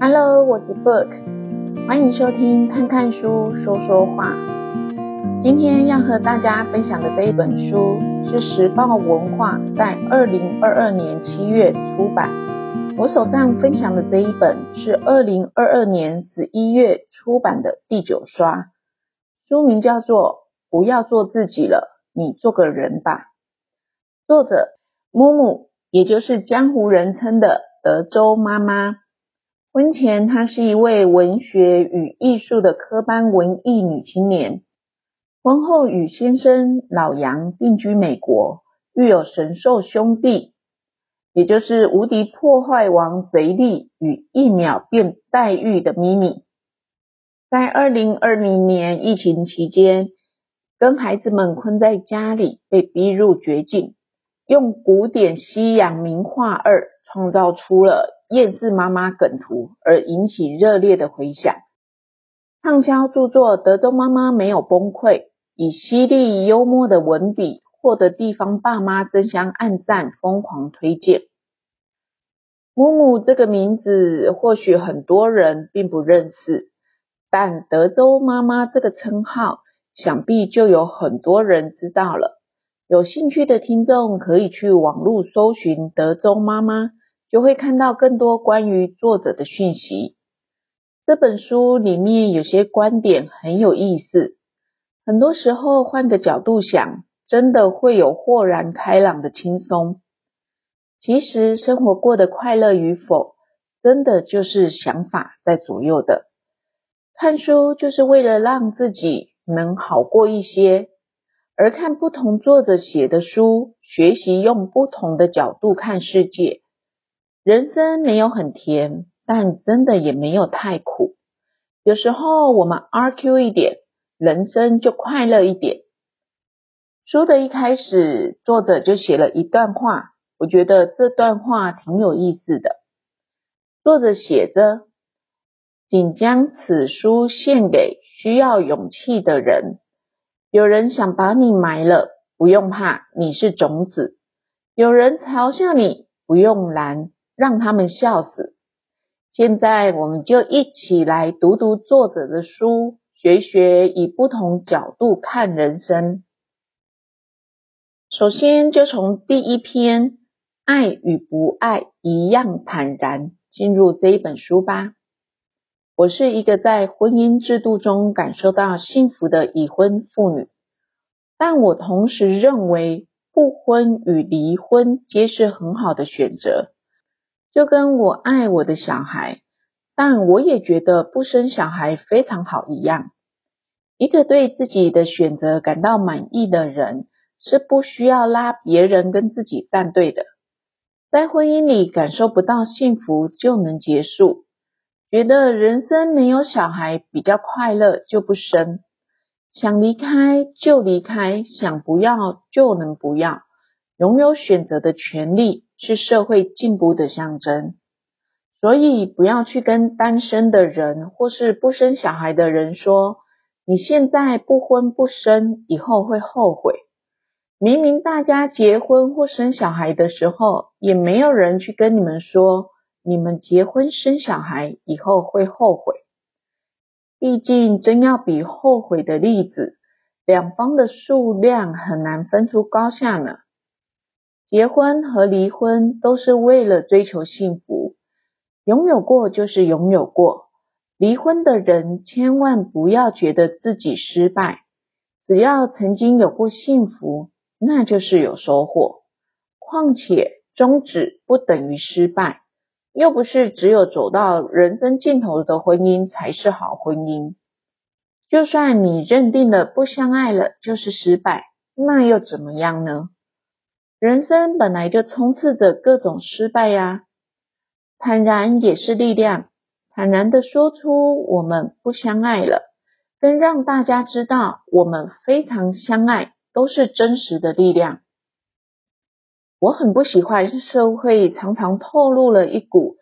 Hello，我是 Book，歡迎收聽《看看書說說話》。今天要和大家分享的這一本書是時報文化在二零二二年七月出版。我手上分享的這一本是二零二二年十一月出版的第九刷，書名叫做《不要做自己了，你做個人吧》。作者木木，Mumu，也就是江湖人稱的德州媽媽。婚前，她是一位文學與藝術的科班文藝女青年。婚後與先生老楊定居美國，育有神獸兄弟，也就是無敵破壞王賊粒與一秒變黛玉的米米。在二零二零年疫情期間，跟孩子們困在家裡，被逼入絕境，用古典西洋名畫二創造出了。厭世媽媽梗圖而引起熱烈的回響，暢銷著作《德州媽媽沒有崩潰》，以犀利幽默的文筆獲得地方爸媽爭相按讚、瘋狂推薦。Mumu 這個名字或許很多人並不認識，但德州媽媽這個稱號想必就有很多人知道了。有興趣的聽眾可以去網絡搜尋德州媽媽。就會看到更多關於作者的訊息。這本書裡面有些觀點很有意思，很多時候換個角度想，真的會有豁然開朗的輕鬆。其實生活過得快樂與否，真的就是想法在左右的。看書就是為了讓自己能好過一些，而看不同作者寫的書，學習用不同的角度看世界。人生沒有很甜，但真的也沒有太苦。有時候我們阿 Q 一點，人生就快樂一點。書的一開始，作者就寫了一段話，我覺得這段話挺有意思的。作者寫着：“謹將此書獻給需要勇氣的人。有人想把你埋了，不用怕，你是種子；有人嘲笑你，不用攔。”讓他們笑死！現在我們就一起來讀讀作者的書，學一學以不同角度看人生。首先就從第一篇《愛與不愛一樣坦然》進入這一本書吧。我是一個在婚姻制度中感受到幸福的已婚婦女，但我同時認為不婚與離婚皆是很好的選擇。就跟我愛我的小孩，但我也覺得不生小孩非常好一樣。一個對自己的選擇感到滿意的人，是不需要拉別人跟自己站隊的。在婚姻裡感受不到幸福就能結束，覺得人生沒有小孩比較快樂就不生，想離開就離開，想不要就能不要。擁有選擇的權利，是社會進步的象徵，所以不要去跟單身的人或是不生小孩的人說，你現在不婚不生，以後會後悔。明明大家結婚或生小孩的時候，也沒有人去跟你們說，你們結婚生小孩，以後會後悔。畢竟真要比後悔的例子，兩方的數量很難分出高下呢。結婚和離婚都是為了追求幸福，擁有過就是擁有過。離婚的人千萬不要覺得自己失敗，只要曾經有過幸福，那就是有收穫。況且終止不等於失敗，又不是只有走到人生盡頭的婚姻才是好婚姻。就算你認定了不相愛了就是失敗，那又怎麼樣呢？人生本來就充斥着各種失敗呀、啊，坦然也是力量。坦然的說出我們不相愛了，跟讓大家知道我們非常相愛，都是真實的力量。我很不喜歡社會常常透露了一股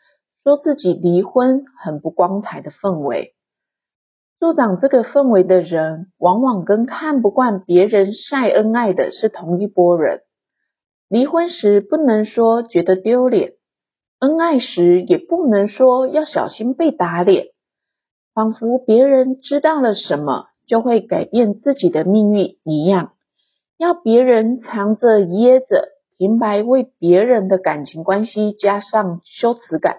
說自己離婚很不光彩的氛圍。助長這個氛圍的人，往往跟看不慣別人曬恩愛的是同一撥人。離婚時不能說覺得丟臉，恩愛時也不能說要小心被打臉，仿佛別人知道了什麼就會改變自己的命運一樣，要別人藏着掖着，平白為別人的感情關係加上羞恥感。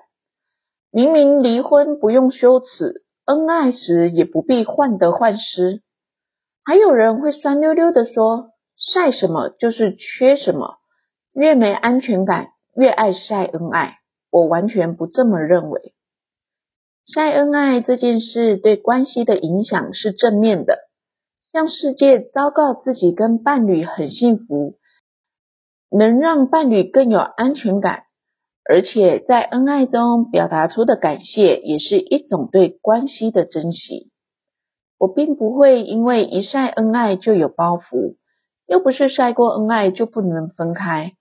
明明離婚不用羞恥，恩愛時也不必患得患失，還有人會酸溜溜地說，曬什麼就是缺什麼。越沒安全感，越愛曬恩愛。我完全不這麼認為。曬恩愛這件事對關係的影響是正面的，向世界昭告自己跟伴侶很幸福，能讓伴侶更有安全感，而且在恩愛中表達出的感謝也是一種對關係的珍惜。我並不會因為一曬恩愛就有包袱，又不是曬過恩愛就不能分開。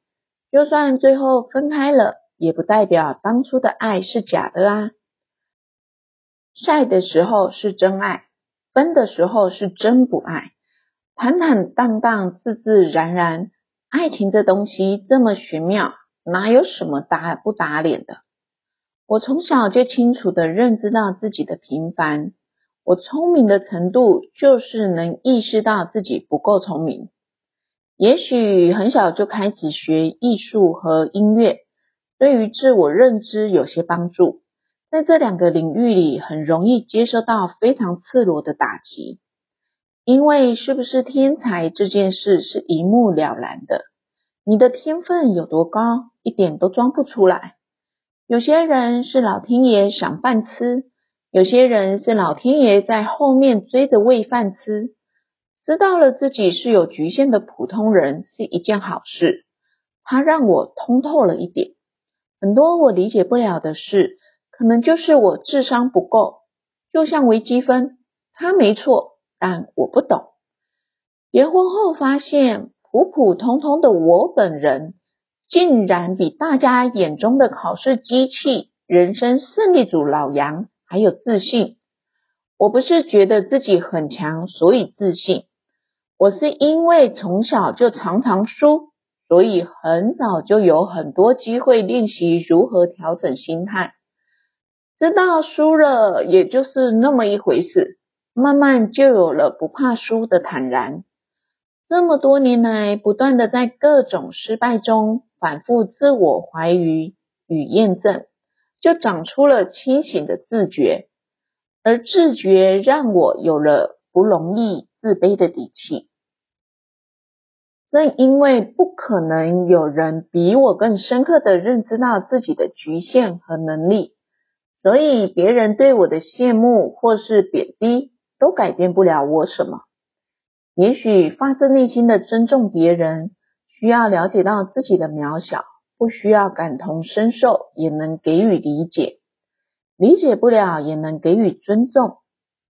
就算最後分開了，也不代表當初的愛是假的啦、啊。愛的時候是真愛，分的時候是真不愛。坦坦蕩蕩，自自然然，愛情這東西這麼玄妙，哪有什麼打不打臉的？我從小就清楚的認知到自己的平凡，我聰明的程度就是能意識到自己不夠聰明。也許很小就開始學藝術和音樂，對於自我認知有些幫助。在這兩個領域裡，很容易接受到非常赤裸的打擊，因為是不是天才這件事是一目了然的。你的天分有多高，一點都裝不出來。有些人是老天爺賞飯吃，有些人是老天爺在後面追着餵飯吃。知道了自己是有局限的普通人是一件好事，它讓我通透了一點。很多我理解不了的事，可能就是我智商不夠。就像微積分，它沒錯，但我不懂。結婚後發現，普普通通的我本人，竟然比大家眼中的考試機器、人生勝利組老楊還有自信。我不是覺得自己很強，所以自信。我是因為從小就常常輸，所以很早就有很多機會練習如何調整心態，知道輸了也就是那麼一回事，慢慢就有了不怕輸的坦然。這麼多年來，不斷的在各種失敗中反覆自我懷疑與驗證，就長出了清醒的自覺，而自覺讓我有了不容易自卑的底氣。正因為不可能有人比我更深刻的認知到自己的局限和能力，所以別人對我的羨慕或是貶低都改變不了我什麼。也許發自內心的尊重別人，需要了解到自己的渺小，不需要感同身受也能給予理解，理解不了也能給予尊重，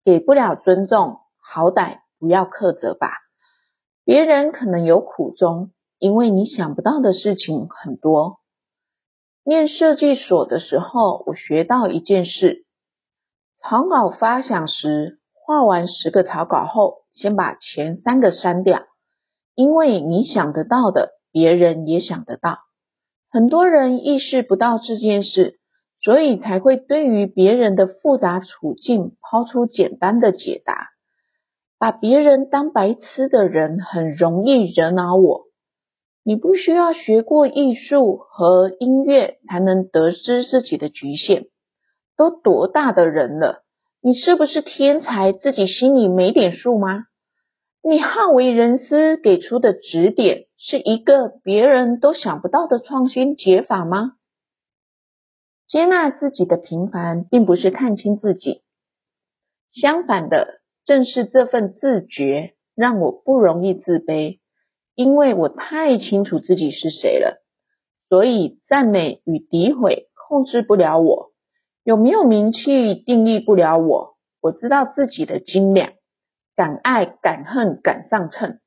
給不了尊重，好歹不要苛責吧。別人可能有苦衷，因為你想不到的事情很多。念設計所的時候，我學到一件事：草稿發想時，畫完十個草稿後，先把前三個刪掉，因為你想得到的，別人也想得到。很多人意識不到這件事，所以才會對於別人的複雜處境拋出簡單的解答。把別人當白痴的人很容易惹惱我。你不需要學過藝術和音樂才能得知自己的局限。都多大的人了，你是不是天才？自己心裡沒點數嗎？你好為人師給出的指點是一個別人都想不到的創新解法嗎？接納自己的平凡，並不是看輕自己，相反的。正是這份自覺，讓我不容易自卑，因為我太清楚自己是誰了。所以讚美與詆毀控制不了我，有沒有名氣定義不了我。我知道自己的斤兩，敢愛敢恨敢上秤，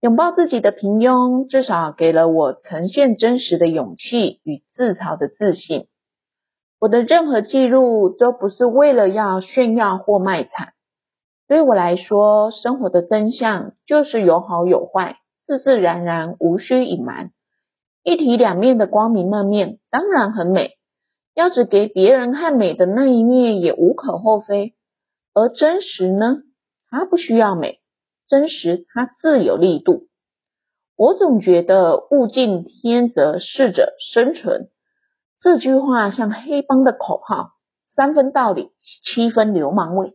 擁抱自己的平庸，至少給了我呈現真實的勇氣與自嘲的自信。我的任何記錄都不是為了要炫耀或賣慘。對我來說，生活的真相就是有好有壞，自自然然，無需隱瞞。一體兩面的光明那面當然很美，要只給別人看美的那一面也無可厚非。而真實呢，它不需要美，真實它自有力度。我總覺得“物競天擇，適者生存”這句話像黑幫的口號，三分道理，七分流氓味。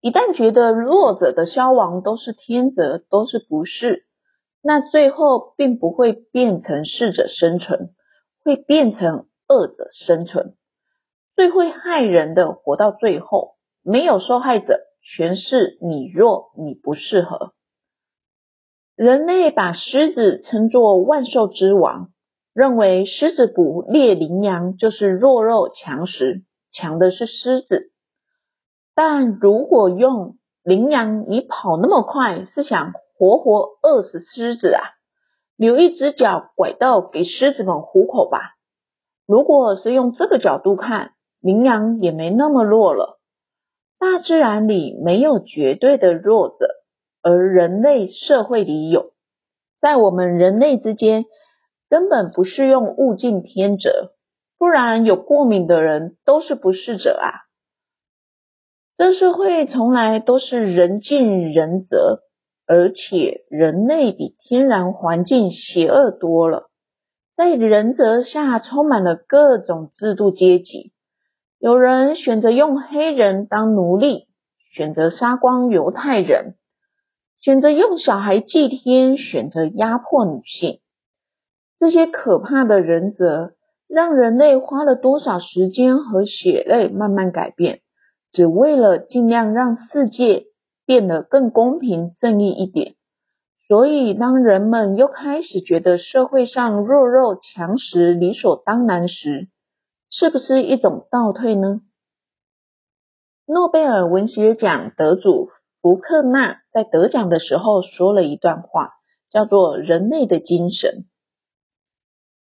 一旦覺得弱者的消亡都是天擇，都是不適，那最後並不會變成適者生存，會變成惡者生存。最會害人的活到最後，沒有受害者，全是你弱，你不適合。人類把獅子稱作萬獸之王，認為獅子捕獵羚羊就是弱肉強食，強的是獅子。但如果用羚羊，你跑那麼快是想活活餓死獅子啊？留一隻腳拐到給獅子們糊口吧。如果是用這個角度看，羚羊也沒那麼弱了。大自然裡沒有絕對的弱者，而人類社會裡有。在我們人類之間，根本不適用物競天擇，不然有過敏的人都是不適者啊。這社會從來都是人競人擇，而且人類比天然環境邪惡多了。在人擇下，充滿了各種制度階級，有人選擇用黑人當奴隸，選擇殺光猶太人，選擇用小孩祭天，選擇壓迫女性。這些可怕的人擇讓人類花了多少時間和血淚慢慢改變？只為了盡量讓世界變得更公平、正義一點。所以，當人們又開始覺得社會上弱肉強食理所當然時，是不是一種倒退呢？諾貝爾文學獎得主福克納在得獎的時候說了一段話，叫做“人類的精神”。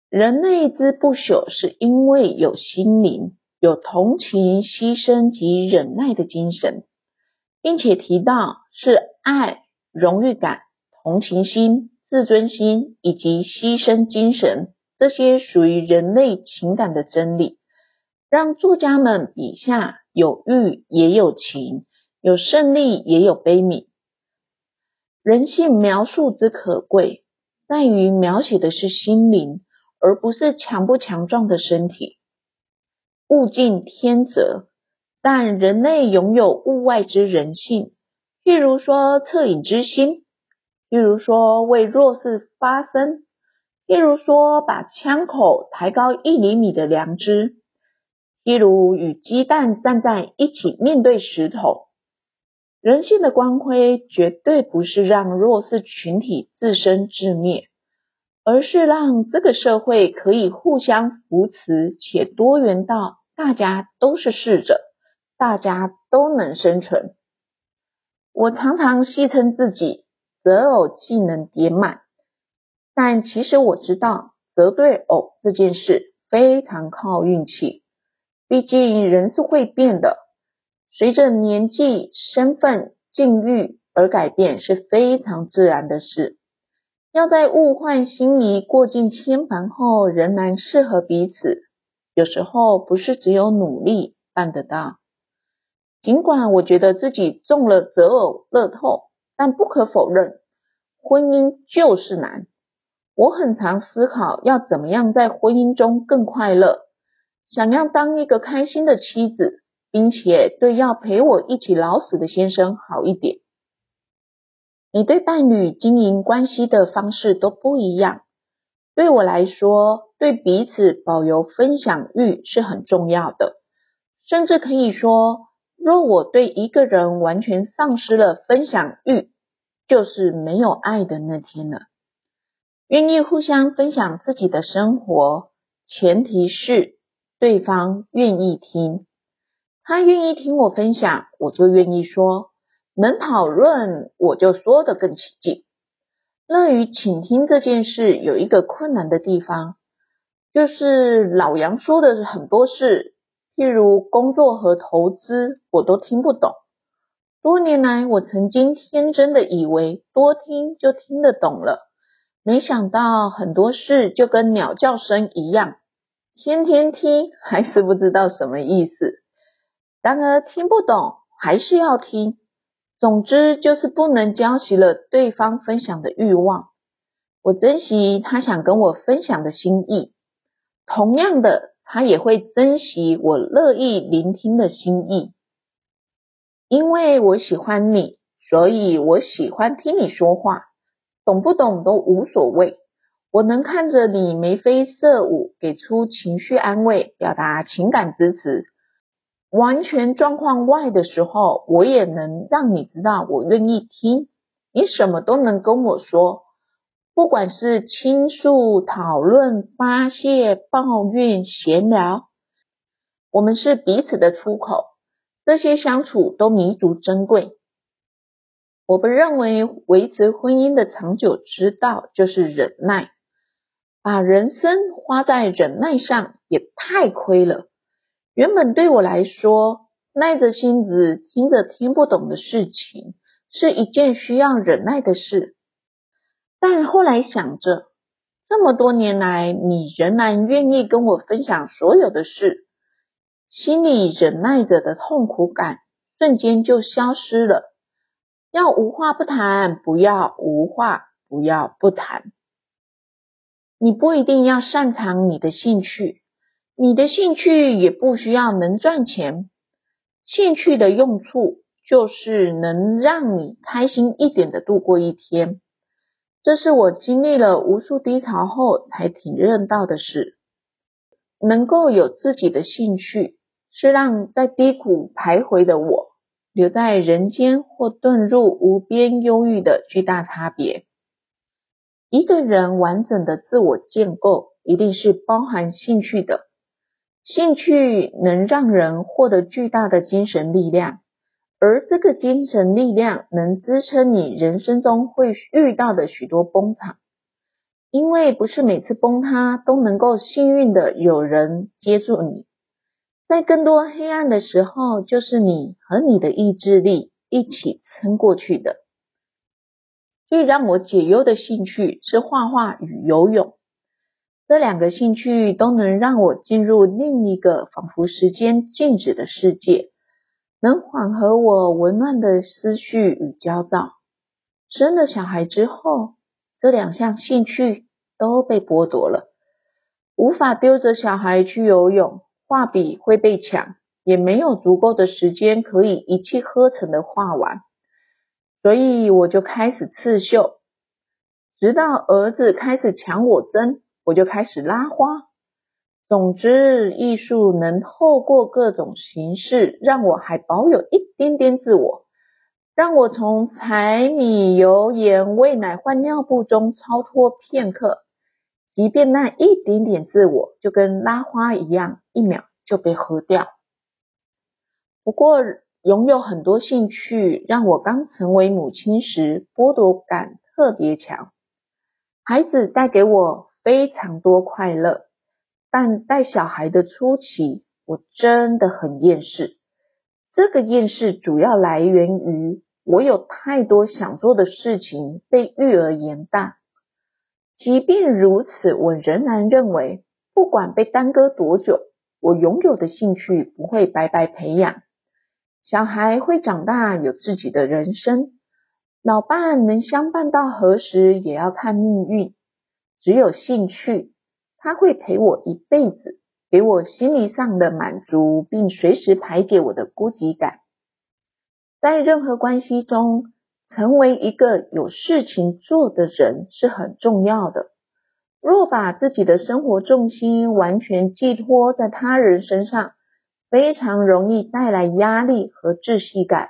人類之不朽是因為有心靈。有同情、犧牲及忍耐的精神，並且提到是愛、榮譽感、同情心、自尊心以及犧牲精神，這些屬於人類情感的真理，讓作家們筆下有欲也有情，有勝利也有悲憫。人性描述之可貴，在於描寫的是心靈，而不是強不強壯的身體。物競天擇，但人類擁有物外之人性，譬如說惻隱之心，譬如說為弱勢發聲，譬如說把槍口抬高一厘米的良知，譬如與雞蛋站在一起面對石頭。人性的光輝，絕對不是讓弱勢群體自生自滅。而是讓這個社會可以互相扶持，且多元到大家都是適者，大家都能生存。我常常戲稱自己擇偶技能點滿，但其實我知道擇對偶這件事非常靠運氣，畢竟人是會變的，隨着年紀、身份、境遇而改變是非常自然的事。要在物換星移，過盡千帆後仍然適合彼此，有時候不是只有努力辦得到。儘管我覺得自己中了擇偶樂透，但不可否認，婚姻就是難。我很常思考要怎麼樣在婚姻中更快樂，想要當一個開心的妻子，並且對要陪我一起老死的先生好一點。你對伴侶經營關係的方式都不一樣。對我來說，對彼此保留分享欲是很重要的，甚至可以說，若我對一個人完全喪失了分享欲，就是沒有愛的那天了。願意互相分享自己的生活，前提是對方願意聽。他願意聽我分享，我就願意說。能討論，我就說得更起勁。樂於傾聽這件事有一個困難的地方，就是老楊說的很多事，譬如工作和投資，我都聽不懂。多年來，我曾經天真的以為多聽就聽得懂了，沒想到很多事就跟鳥叫聲一樣，天天聽還是不知道什麼意思。然而，聽不懂還是要聽。總之就是不能澆熄了對方分享的慾望。我珍惜他想跟我分享的心意，同樣的，他也會珍惜我樂意聆聽的心意。因為我喜歡你，所以我喜歡聽你說話，懂不懂都無所謂。我能看着你眉飛色舞，給出情緒安慰，表達情感支持。完全狀況外的時候，我也能讓你知道我願意聽，你什麼都能跟我說，不管是傾訴、討論、發泄、抱怨、閒聊，我們是彼此的出口，這些相處都彌足珍貴。我不認為維持婚姻的長久之道就是忍耐，把人生花在忍耐上也太虧了。原本對我來說，耐着性子聽着聽不懂的事情是一件需要忍耐的事。但後來想着，這麼多年來你仍然願意跟我分享所有的事，心裡忍耐着的痛苦感瞬間就消失了。要無話不談，不要無話，不要不談。你不一定要擅長你的興趣。你的興趣也不需要能賺錢，興趣的用處就是能讓你開心一點的度過一天。這是我經歷了無數低潮後才體認到的事。能夠有自己的興趣，是讓在低谷徘徊的我留在人間或遁入無邊憂鬱的巨大差別。一個人完整的自我建構，一定是包含興趣的。興趣能讓人獲得巨大的精神力量，而這個精神力量能支撐你人生中會遇到的許多崩塌。因為不是每次崩塌都能夠幸運的有人接住你，在更多黑暗的時候，就是你和你的意志力一起撐過去的。最讓我解憂的興趣是畫畫與游泳。這兩個興趣都能讓我進入另一個仿彿時間靜止的世界，能緩和我紊亂的思緒與焦躁。生了小孩之後，這兩項興趣都被剝奪了，無法丟着小孩去游泳，畫筆會被搶，也沒有足夠的時間可以一氣呵成的畫完，所以我就開始刺繡，直到兒子開始搶我針。我就開始拉花。總之，藝術能透過各種形式，讓我還保有一點點自我，讓我從柴米油鹽、餵奶換尿布中超脫片刻。即便那一點點自我，就跟拉花一樣，一秒就被喝掉。不過，擁有很多興趣，讓我剛成為母親時，剝奪感特別強。孩子帶給我非常多快樂，但帶小孩的初期，我真的很厭世。這個厭世主要來源於我有太多想做的事情被育兒延宕，即便如此，我仍然認為，不管被耽擱多久，我擁有的興趣不會白白培養。小孩會長大，有自己的人生。老伴能相伴到何時，也要看命運。只有興趣，他會陪我一輩子，給我心理上的滿足，並隨時排解我的孤寂感。在任何關係中，成為一個有事情做的人是很重要的。若把自己的生活重心完全寄托在他人身上，非常容易帶來壓力和窒息感。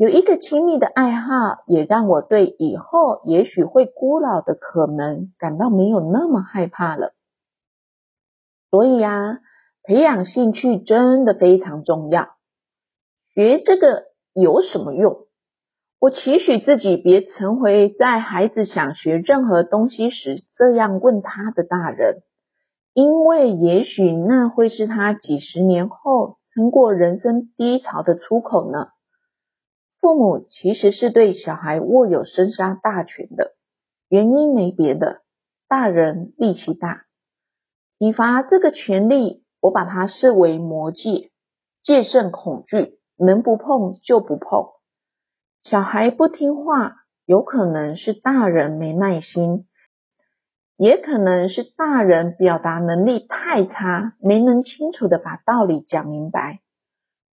有一個親密的愛好，也讓我對以後也許會孤老的可能感到沒有那麼害怕了。所以啊，培養興趣真的非常重要。學這個有什麼用？我期許自己別成為在孩子想學任何東西時這樣問他的大人，因為也許那會是他幾十年後撐過人生低潮的出口呢。父母其實是對小孩握有生殺大權的，原因沒別的，大人力氣大。以罰這個權力，我把它視為魔戒，戒慎恐懼，能不碰就不碰。小孩不聽話，有可能是大人沒耐心，也可能是大人表達能力太差，沒能清楚的把道理講明白。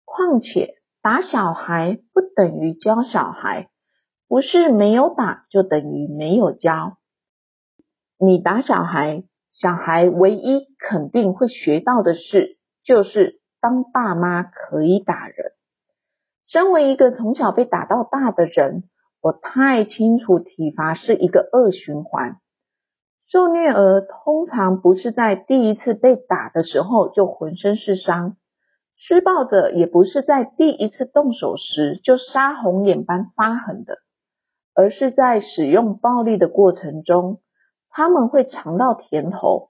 況且。打小孩不等於教小孩，不是沒有打就等於沒有教。你打小孩，小孩唯一肯定會學到的事，就是當爸媽可以打人。身為一個從小被打到大的人，我太清楚體罰是一個惡循環。受虐兒通常不是在第一次被打的時候就渾身是傷。施暴者也不是在第一次動手時就殺紅眼般發狠的，而是在使用暴力的過程中，他們會嘗到甜頭，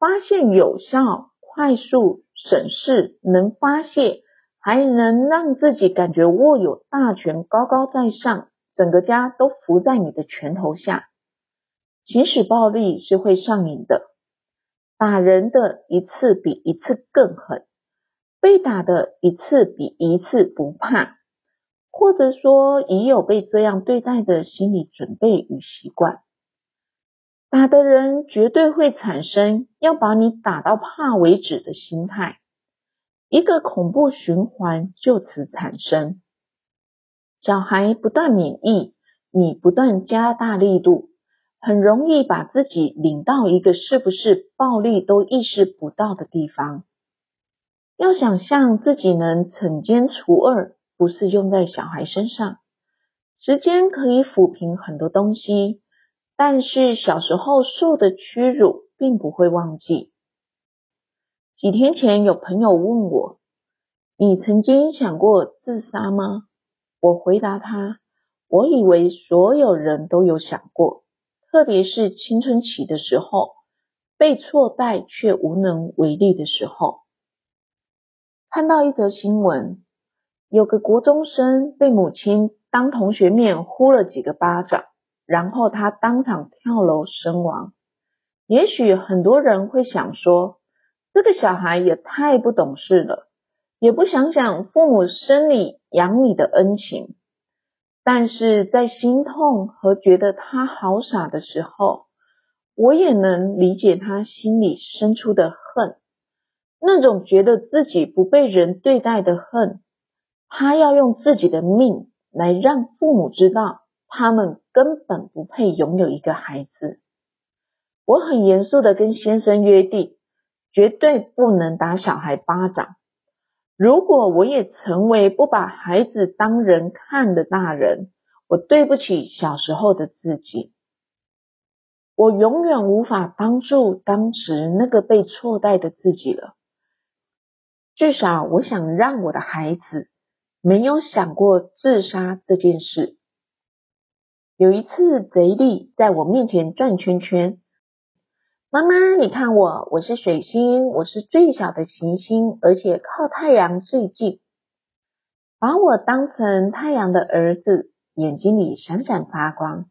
發現有效、快速、省事，能發洩，還能讓自己感覺握有大權、高高在上，整個家都伏在你的拳頭下。行使暴力是會上癮的，打人的一次比一次更狠。被打的一次比一次不怕，或者說已有被這樣對待的心理準備與習慣。打的人絕對會產生要把你打到怕為止的心態，一個恐怖循環就此產生。小孩不斷免疫，你不斷加大力度，很容易把自己領到一個是不是暴力都意識不到的地方。要想象自己能懲奸除惡，不是用在小孩身上。時間可以撫平很多東西，但是小時候受的屈辱並不會忘記。幾天前有朋友問我：“你曾經想過自殺嗎？”我回答他：“我以為所有人都有想過，特別是青春期的時候，被錯待卻無能為力的時候。”看到一則新聞，有個國中生被母親當同學面呼了幾個巴掌，然後他當場跳樓身亡。也許很多人會想說，這個小孩也太不懂事了，也不想想父母生你養你的恩情。但是在心痛和覺得他好傻的時候，我也能理解他心裡生出的恨。那種覺得自己不被人對待的恨，他要用自己的命來讓父母知道，他們根本不配擁有一個孩子。我很嚴肅地跟先生約定，絕對不能打小孩巴掌。如果我也成為不把孩子當人看的大人，我對不起小時候的自己，我永遠無法幫助當時那個被錯待的自己了。至少我想讓我的孩子沒有想過自殺這件事。有一次，賊粒在我面前轉圈圈：“媽媽，你看我，我是水星，我是最小的行星，而且靠太陽最近。”把我當成太陽的兒子，眼睛裡閃閃發光。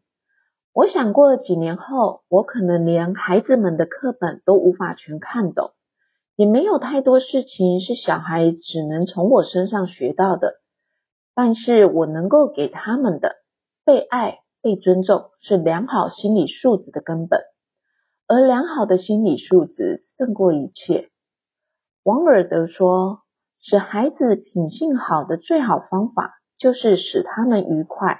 我想過，幾年後，我可能連孩子們的課本都無法全看懂。也沒有太多事情是小孩只能從我身上學到的，但是我能夠給他們的被愛、被尊重，是良好心理素質的根本。而良好的心理素質勝過一切。王爾德說：“使孩子品性好的最好方法，就是使他們愉快。”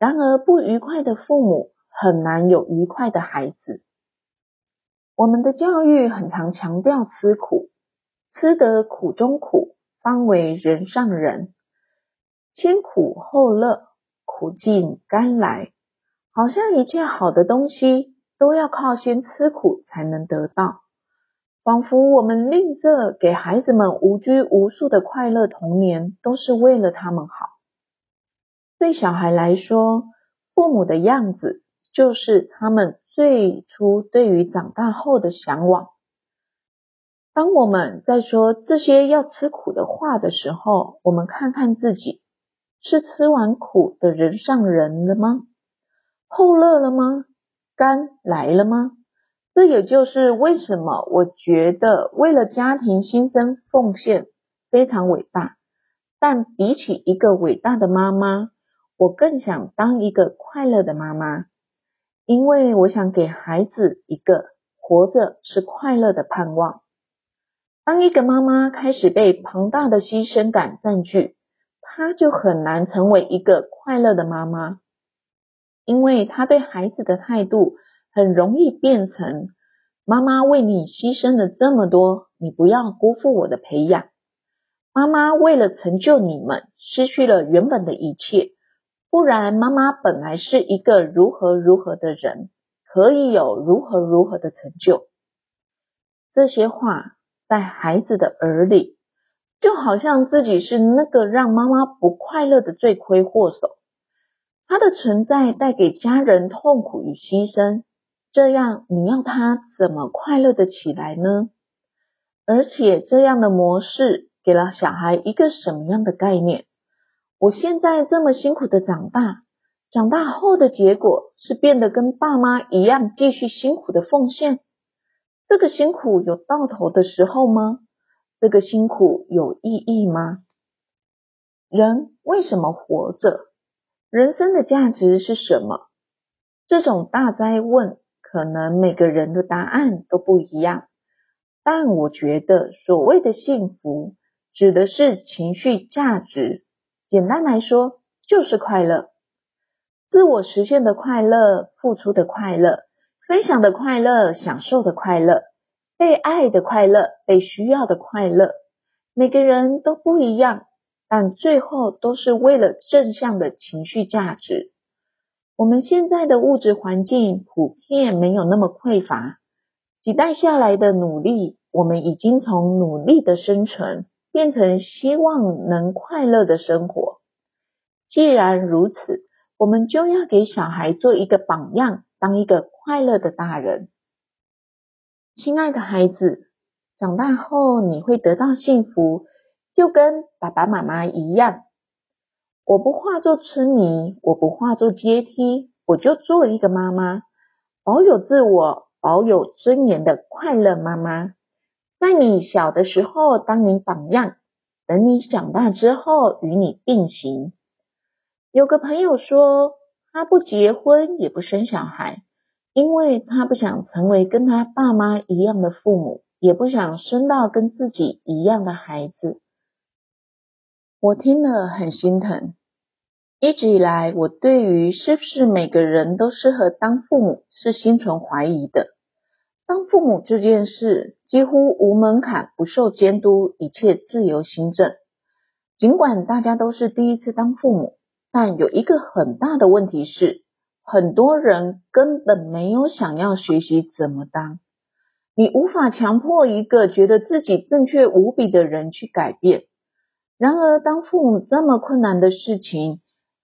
然而，不愉快的父母很難有愉快的孩子。我們的教育很常強調吃苦，吃得苦中苦，方為人上人。先苦後樂，苦盡甘來。好像一切好的東西都要靠先吃苦才能得到。仿佛我們吝嗇給孩子們無拘無束的快樂童年，都是為了他們好。對小孩來說，父母的樣子就是他們最初對於長大後的嚮往。當我們在說這些要吃苦的話的時候，我們看看自己是吃完苦的人上人了嗎？後樂了嗎？甘來了嗎？這也就是為什麼我覺得為了家庭犧牲奉獻非常偉大，但比起一個偉大的媽媽，我更想當一個快樂的媽媽。因為我想給孩子一個活着是快樂的盼望。當一個媽媽開始被龐大的犧牲感占據，她就很難成為一個快樂的媽媽，因為她對孩子的態度很容易變成：媽媽為你犧牲了這麼多，你不要辜負我的培養。媽媽為了成就你們，失去了原本的一切。不然，媽媽本來是一個如何如何的人，可以有如何如何的成就。這些話在孩子的耳裡，就好像自己是那個讓媽媽不快樂的罪魁禍首。他的存在帶給家人痛苦與犧牲，這樣你要他怎麼快樂的起來呢？而且，這樣的模式給了小孩一個什麼樣的概念？我現在這麼辛苦的長大，長大後的結果是變得跟爸媽一樣，繼續辛苦的奉獻。這個辛苦有到頭的時候嗎？這個辛苦有意義嗎？人為什麼活着？人生的價值是什麼？這種大哉問，可能每個人的答案都不一樣。但我覺得，所謂的幸福，指的是情緒價值。簡單來說，就是快樂、自我實現的快樂、付出的快樂、分享的快樂、享受的快樂、被愛的快樂、被需要的快樂。每個人都不一樣，但最後都是為了正向的情緒價值。我們現在的物質環境普遍沒有那麼匱乏，幾代下來的努力，我們已經從努力的生存。變成希望能快樂的生活。既然如此，我們就要給小孩做一個榜樣，當一個快樂的大人。親愛的孩子，長大後你會得到幸福，就跟爸爸媽媽一樣。我不化作春泥，我不化作階梯，我就做一個媽媽，保有自我，保有尊嚴的快樂媽媽。在你小的時候當你榜樣，等你長大之後與你並行。有個朋友說他不結婚也不生小孩，因為他不想成為跟他爸媽一樣的父母，也不想生到跟自己一樣的孩子。我聽了很心疼。一直以來，我對於是不是每個人都適合當父母是心存懷疑的。當父母這件事幾乎無門檻、不受監督、一切自由心證。儘管大家都是第一次當父母，但有一個很大的問題是，很多人根本沒有想要學習怎麼當。你無法強迫一個覺得自己正確無比的人去改變。然而，當父母這麼困難的事情，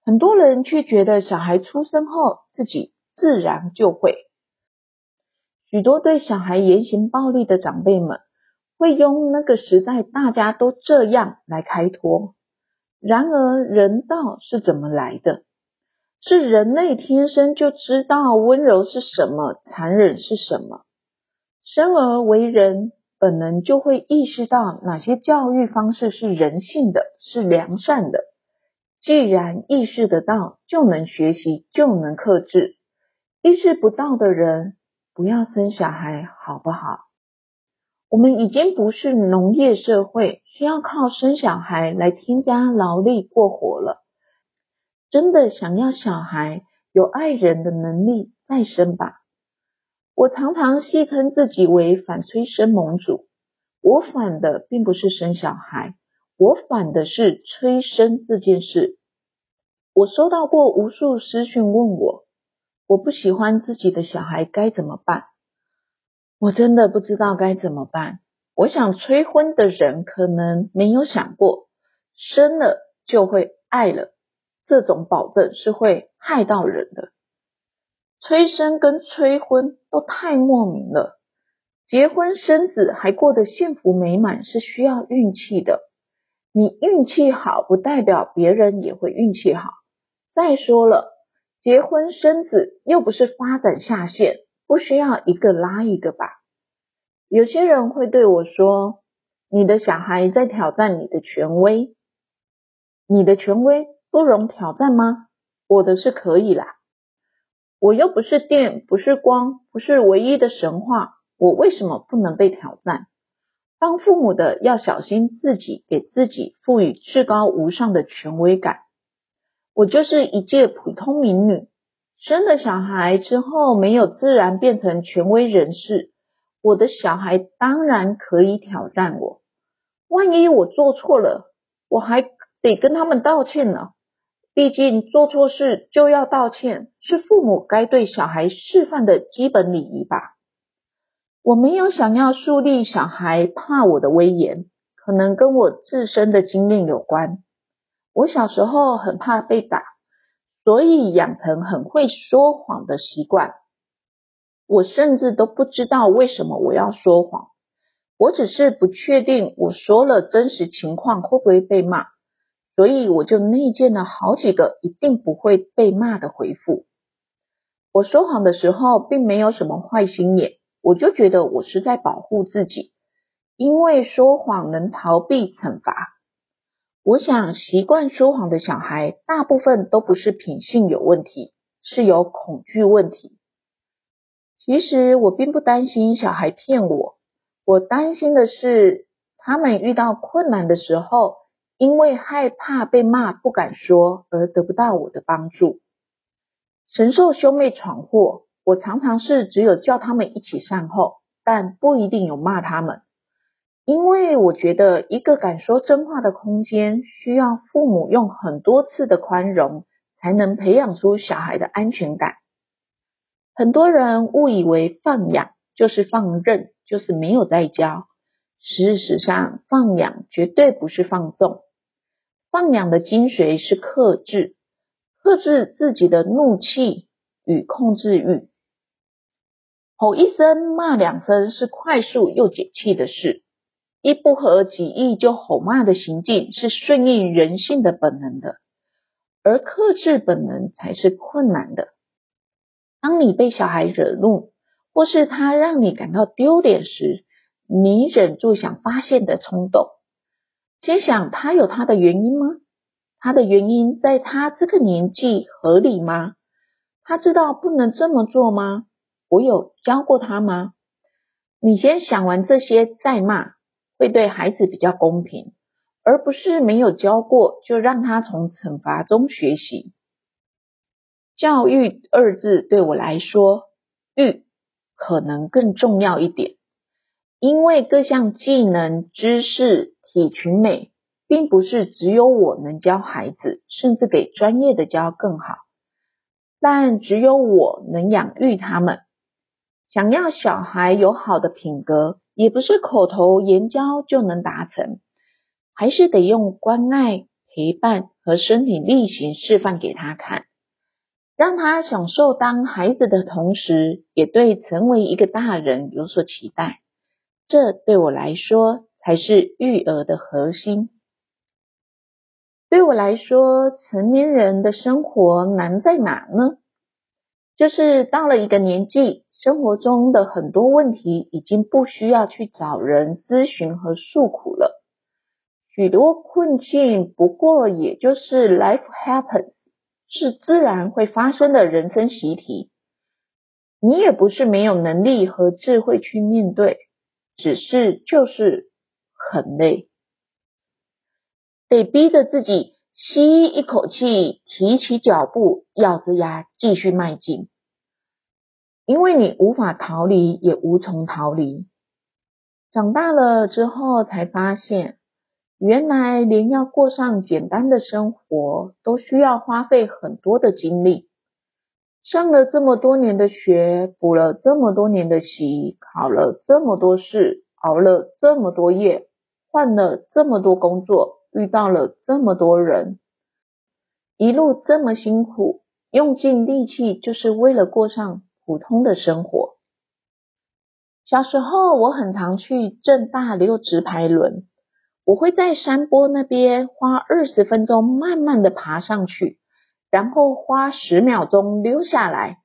很多人卻覺得小孩出生後自己自然就會。許多對小孩言行暴力的長輩們，會用那個時代大家都這樣來開脫。然而，人道是怎麼來的？是人類天生就知道溫柔是什麼，殘忍是什麼。生而為人，本能就會意識到哪些教育方式是人性的，是良善的。既然意識得到，就能學習，就能克制。意識不到的人，不要生小孩好不好？我們已經不是農業社會，需要靠生小孩來添加勞力過活了。真的想要小孩，有愛人的能力再生吧。我常常戲稱自己為反催生盟主。我反的並不是生小孩，我反的是催生這件事。我收到過無數私訊問我，我不喜歡自己的小孩該怎麼辦？我真的不知道該怎麼辦。我想催婚的人可能沒有想過，生了就會愛了，這種保證是會害到人的。催生跟催婚都太莫名了。結婚生子還過得幸福美滿是需要運氣的。你運氣好不代表別人也會運氣好。再說了。結婚生子又不是發展下線，不需要一個拉一個吧？有些人會對我說：“你的小孩在挑戰你的權威，你的權威不容挑戰嗎？”我的是可以啦，我又不是電，不是光，不是唯一的神話，我為什麼不能被挑戰？當父母的要小心自己給自己賦予至高無上的權威感。我就是一介普通民女，生了小孩之後沒有自然變成權威人士，我的小孩當然可以挑戰我。萬一我做錯了，我還得跟他們道歉呢。畢竟做錯事就要道歉，是父母該對小孩示範的基本禮儀吧。我沒有想要樹立小孩怕我的威嚴，可能跟我自身的經驗有關。我小時候很怕被打，所以養成很會說謊的習慣。我甚至都不知道為什麼我要說謊，我只是不確定我說了真實情況會不會被罵，所以我就內建了好幾個一定不會被罵的回復。我說謊的時候並沒有什麼壞心眼，我就覺得我是在保護自己，因為說謊能逃避懲罰。我想，習慣說謊的小孩，大部分都不是品性有問題，是有恐懼問題。其實我並不擔心小孩騙我，我擔心的是，他們遇到困難的時候，因為害怕被罵不敢說，而得不到我的幫助。神獸兄妹闖禍，我常常是只有叫他們一起善後，但不一定有罵他們。因為我覺得，一個敢說真話的空間，需要父母用很多次的寬容，才能培養出小孩的安全感。很多人誤以為放養就是放任，就是沒有在教。事實上，放養絕對不是放縱。放養的精髓是克制，克制自己的怒氣與控制欲。吼一聲，罵兩聲，是快速又解氣的事。一不合己意就吼罵的行徑是順應人性的本能的，而克制本能才是困難的。當你被小孩惹怒，或是他讓你感到丟臉時，你忍住想發洩的衝動，先想他有他的原因嗎？他的原因在他這個年紀合理嗎？他知道不能這麼做嗎？我有教過他嗎？你先想完這些再罵。會對孩子比較公平，而不是沒有教過就讓他從懲罰中學習。教育二字對我來說，育可能更重要一點，因為各項技能、知識、體、群、美，並不是只有我能教孩子，甚至給專業的教更好，但只有我能養育他們。想要小孩有好的品格，也不是口頭言教就能達成，還是得用關愛、陪伴和身體力行示範給他看，讓他享受當孩子的同時，也對成為一個大人有所期待。這對我來說才是育兒的核心。對我來說，成年人的生活難在哪呢？就是到了一個年紀。生活中的很多問題已經不需要去找人諮詢和訴苦了，許多困境不過也就是 life happens，是自然會發生的人生習題。你也不是沒有能力和智慧去面對，只是就是很累，得逼着自己吸一口氣，提起腳步，咬着牙繼續邁進。因為你無法逃離，也無從逃離。長大了之後才發現，原來連要過上簡單的生活，都需要花費很多的精力。上了這麼多年的學，補了這麼多年的習，考了這麼多試，熬了這麼多夜，換了這麼多工作，遇到了這麼多人。一路這麼辛苦，用盡力氣，就是為了過上。普通的生活。小時候，我很常去正大溜直排輪，我會在山坡那邊花二十分鐘慢慢的爬上去，然後花十秒鐘溜下來。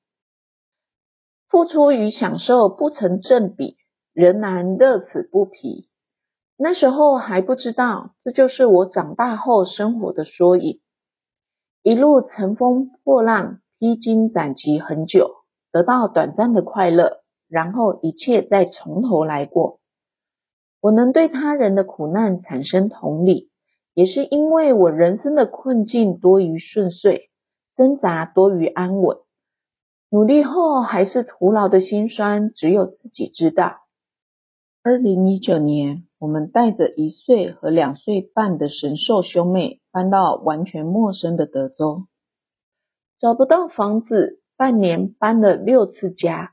付出與享受不成正比，仍然樂此不疲。那時候還不知道，這就是我長大後生活的縮影。一路乘風破浪，披荊斬棘，很久。得到短暫的快樂，然後一切再從頭來過。我能對他人的苦難產生同理，也是因為我人生的困境多於順遂，掙扎多於安穩。努力後還是徒勞的辛酸，只有自己知道。二零一九年，我們帶着一歲和兩歲半的神獸兄妹搬到完全陌生的德州，找不到房子。半年搬了六次家，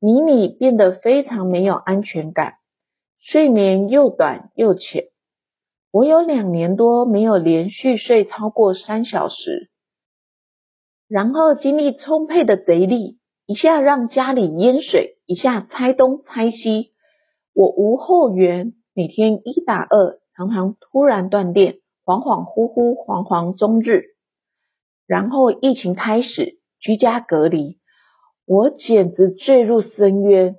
米米變得非常沒有安全感，睡眠又短又淺。我有兩年多沒有連續睡超過三小時。然後精力充沛的賊粒一下讓家裡淹水，一下拆東拆西，我無後援，每天一打二，常常突然斷電，恍恍惚惚，惶惶終日。然後疫情開始。居家隔離，我簡直墜入深淵。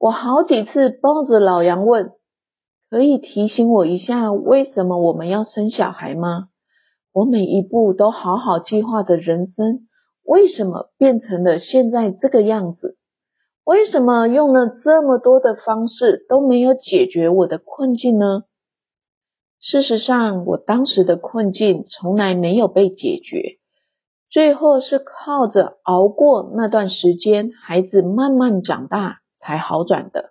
我好幾次抱着老楊問，可以提醒我一下，為什麼我們要生小孩嗎？我每一步都好好計劃的人生，為什麼變成了現在這個樣子？為什麼用了這麼多的方式都沒有解決我的困境呢？事實上，我當時的困境從來沒有被解決。最後是靠着熬過那段時間，孩子慢慢長大才好轉的。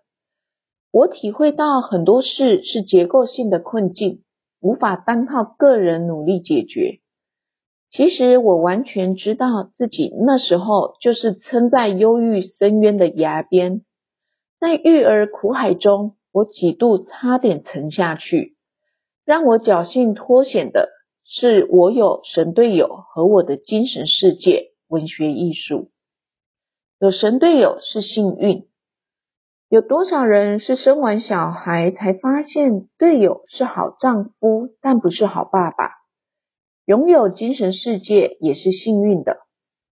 我體會到很多事是結構性的困境，無法單靠個人努力解決。其實我完全知道自己那時候就是撐在憂鬱深淵的崖邊，在育兒苦海中，我幾度差點沉下去，讓我僥倖脫險的。是我有神隊友和我的精神世界，文學藝術。有神隊友是幸運。有多少人是生完小孩才發現隊友是好丈夫，但不是好爸爸？擁有精神世界也是幸運的。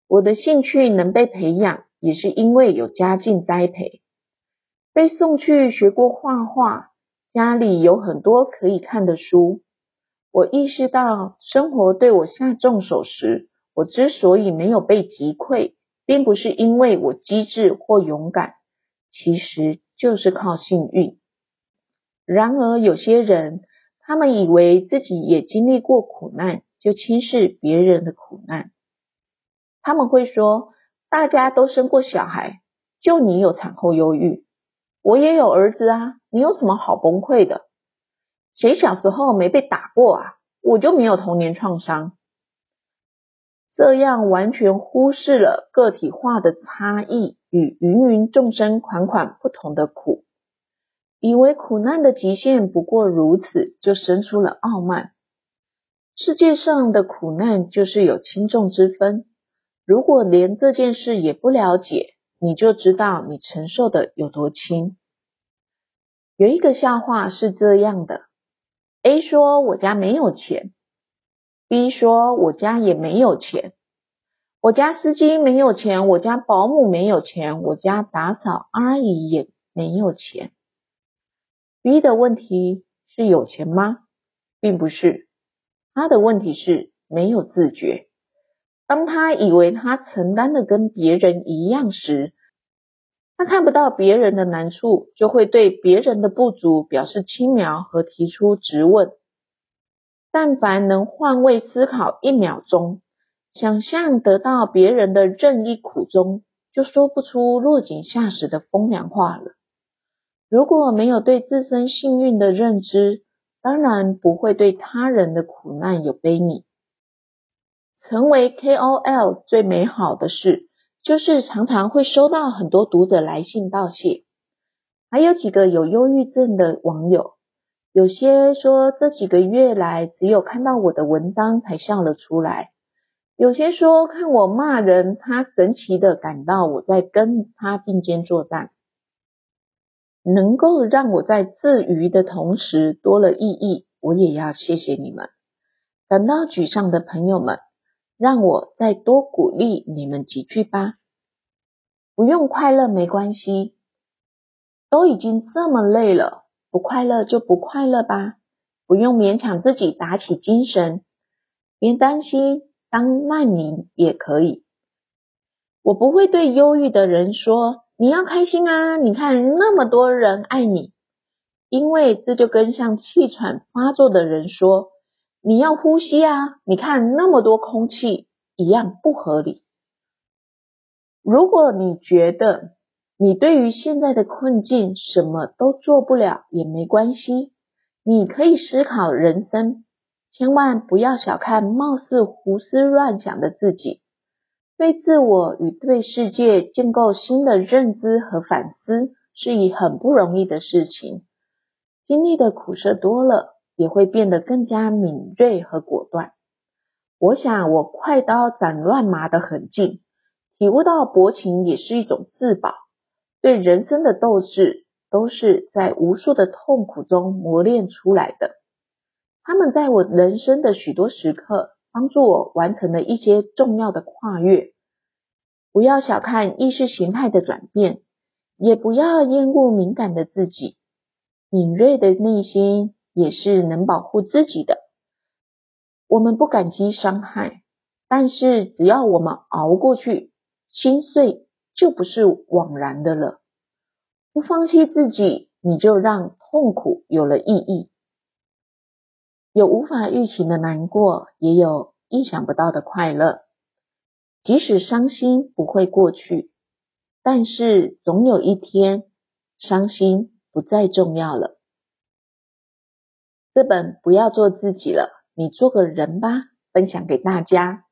我的興趣能被培養，也是因為有家境栽培。被送去學過畫畫，家裡有很多可以看的書。我意識到生活對我下重手時，我之所以沒有被擊潰，並不是因為我機智或勇敢，其實就是靠幸運。然而有些人，他們以為自己也經歷過苦難，就輕視別人的苦難。他們會說：“大家都生過小孩，就你有產後憂鬱，我也有兒子啊，你有什麼好崩潰的？”誰小時候沒被打過啊？我就沒有童年創傷。這樣完全忽視了個體化的差異與芸芸眾生款款不同的苦，以為苦難的極限不過如此，就生出了傲慢。世界上的苦難就是有輕重之分，如果連這件事也不了解，你就知道你承受的有多輕。有一個笑話是這樣的。A 說我家沒有錢，B 說我家也沒有錢，我家司機沒有錢，我家保姆沒有錢，我家打掃阿姨也沒有錢。B 的問題是有錢嗎？並不是，他的問題是沒有自覺。當他以為他承擔的跟別人一樣時，他看不到別人的難處，就會對別人的不足表示輕描和提出質問。但凡能換位思考一秒鐘，想象得到別人的任意苦衷，就說不出落井下石的風涼話了。如果沒有對自身幸運的認知，當然不會對他人的苦難有悲憫。成為 KOL 最美好的事，就是常常會收到很多讀者來信道謝，還有幾個有憂鬱症的網友，有些說這幾個月來只有看到我的文章才笑了出來，有些說看我罵人，他神奇的感到我在跟他並肩作戰，能夠讓我在自娛的同時多了意義，我也要謝謝你們，感到沮喪的朋友們。讓我再多鼓勵你們幾句吧。不用快樂沒關係，都已經這麼累了，不快樂就不快樂吧，不用勉強自己打起精神。別擔心，當難民也可以。我不會對憂鬱的人說，你要開心啊，你看那麼多人愛你，因為這就跟像氣喘發作的人說。你要呼吸啊！你看那麼多空氣一樣不合理。如果你覺得你對於現在的困境什麼都做不了，也沒關係，你可以思考人生，千萬不要小看貌似胡思亂想的自己。對自我與對世界建構新的認知和反思，是一很不容易的事情，經歷的苦澀多了，也會變得更加敏銳和果斷。我想，我快刀斬亂麻的狠勁，體悟到薄情也是一種自保。對人生的鬥志，都是在無數的痛苦中磨練出來的。他們在我人生的許多時刻，幫助我完成了一些重要的跨越。不要小看意識形態的轉變，也不要厭惡敏感的自己，敏銳的內心，也是能保護自己的。我們不感激傷害，但是只要我們熬過去，心碎就不是枉然的了。不放棄自己，你就讓痛苦有了意義。有無法預期的難過，也有意想不到的快樂。即使傷心不會過去，但是總有一天，傷心不再重要了。這本不要做自己了，你做個人吧，分享給大家。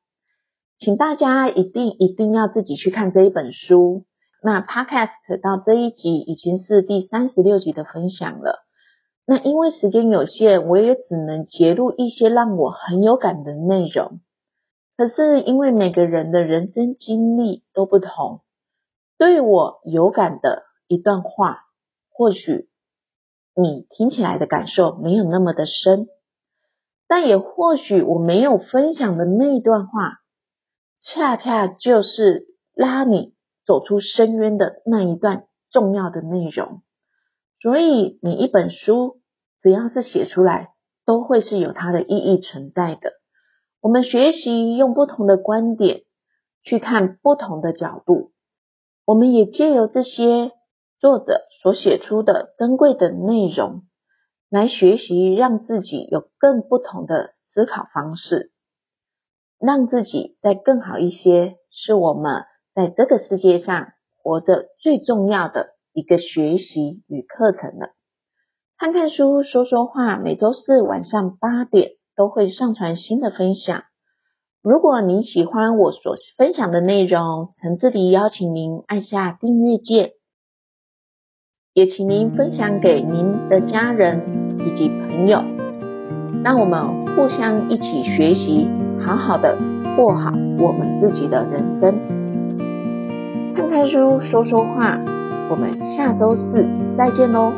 請大家一定一定要自己去看這一本書。那 Podcast 到這一集已經是第三十六集的分享了。那因為時間有限，我也只能節錄一些讓我很有感的內容。可是因為每個人的人生經歷都不同，對我有感的一段話，或許。你聽起來的感受沒有那麼的深，但也或許我沒有分享的那一段話，恰恰就是拉你走出深淵的那一段重要的內容。所以，每一本書只要是寫出來，都會是有它的意義存在的。我們學習用不同的觀點去看不同的角度，我們也借由這些。作者所寫出的珍貴的內容，來學習讓自己有更不同的思考方式，讓自己再更好一些，是我們在這個世界上活着最重要的一個學習與課程了。看看書，說說話，每周四晚上八點都會上傳新的分享。如果您喜歡我所分享的內容，誠摯地邀請您按下訂閱鍵。也請您分享給您的家人以及朋友，讓我們互相一起學習，好好的過好我們自己的人生。看看書，說說話，我們下周四再見嘍。